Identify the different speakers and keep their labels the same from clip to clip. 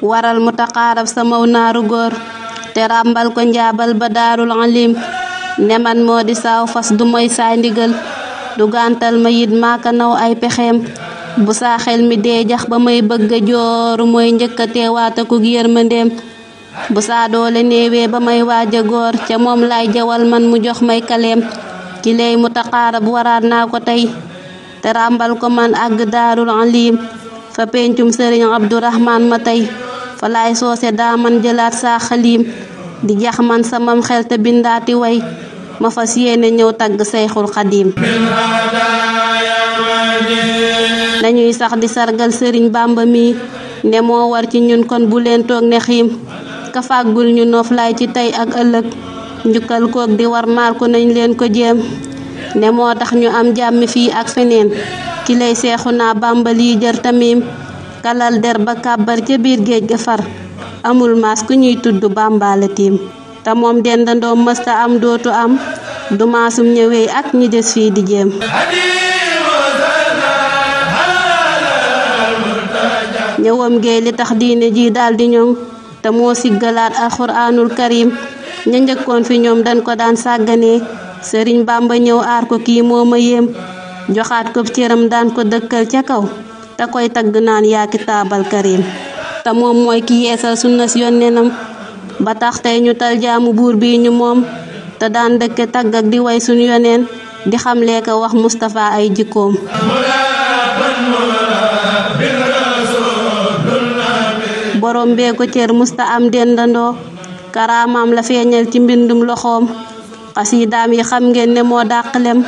Speaker 1: waral mu taqaarab samaw naaru góor te ràmbal ko njaabal ba daarul alim ne man moo di saaw fas du mooy saa ndigal du gàntal ma yit maaka naw ay pexeem bu saaxel mi dee jax ba may bëgga jooru mooy njëkka teewaata ku yërmandeem bu saa doole ba may waaja góor ca moom lay jawal man mu jox may kaleem ki lay mu taqaarab waraat naa ko tey te ràmbal ko man àgg daarul alim fa pencum sëriñ abdurahmaan ma tey falaay soose daa man jëlaat saa di jax man samam xel te bindaati way ma fas yéene ñëw tagg sayxul xadiim dañuy sax di sargal sëriñ bàmba mi ne moo war ci ñun kon bu leen toog ne xiim ka ñu noof laay ci tey ak ëllëg njukkal koog di war maar ko nañ leen ko jéem ne moo tax ñu am jàmmi fii ak feneen ki lay seexu naa bàmba lii jër tamim kalal der ba kàbbar ca biir géej ga far amul maas ku ñuy tudd bàmbaala tiim te moom dendandoom mësta am dootu am du maasum ñëwee ak ñi des fii di jéem ñëwam géey li tax diine ji daldi ñoŋ te moo siggalaat alxuraanul karim ña njëkkoon fi ñoom dañ ko daan sàggane sëriñ bàmba ñëw aar ko kii moo ma yéem joxaat ko cëram daan ko dëkkal ca kaw da koy tagg naan yaa kitaabal karim te moom mooy ki yeesal sunna si yónneenam ba tax tey ñu tal jaamu buur bi ñu moom te daan dëkk tagg ak di way suñu yoneen di xam ko wax mustafa ay jikkoom borom bee ko cër musta am dendandoo karaamam la feeñal ci mbindum loxoom xasiidaam yi xam ngeen ne moo dàqlem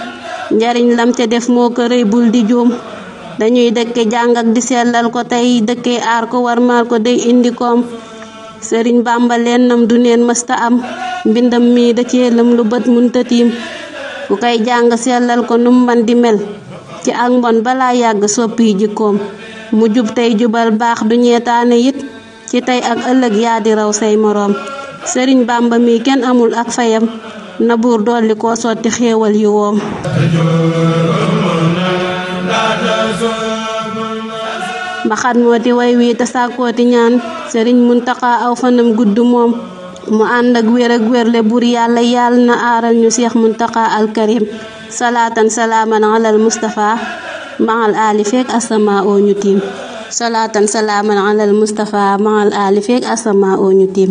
Speaker 1: njariñ lam ca def moo ko rëy bul di juum dañuy dëkk jàng ak di sellal ko tey dëkke aar ko warmaal ko day indi koom sëriñ bàmba lennam du neen mësta am mbindam mii da cee lëm lu bët mun tëtiim ku koy jàng sellal ko num man di mel ci ak mbon balaa yàgg soppi jikkoom mu jub tey jubal baax du ñeetaane it ci tey ak ëllëg yaa di raw say moroom sëriñ bàmba mii kenn amul ak fayam na buur dolli koo sotti xéewal yu woom mbaxat moo di way wii te sàkkooti ñaan sëriñ Muntaxa aw fanam gudd moom mu ànd ak wér ak wérle buur yàlla yàlla na aaral ñu Seex Muntaxa al karim salaatan salaaman alal Mustafa maal aali feek asama oo ñu tiim salaatan salaaman alal Mustafa maal aali feek asama oo ñu tiim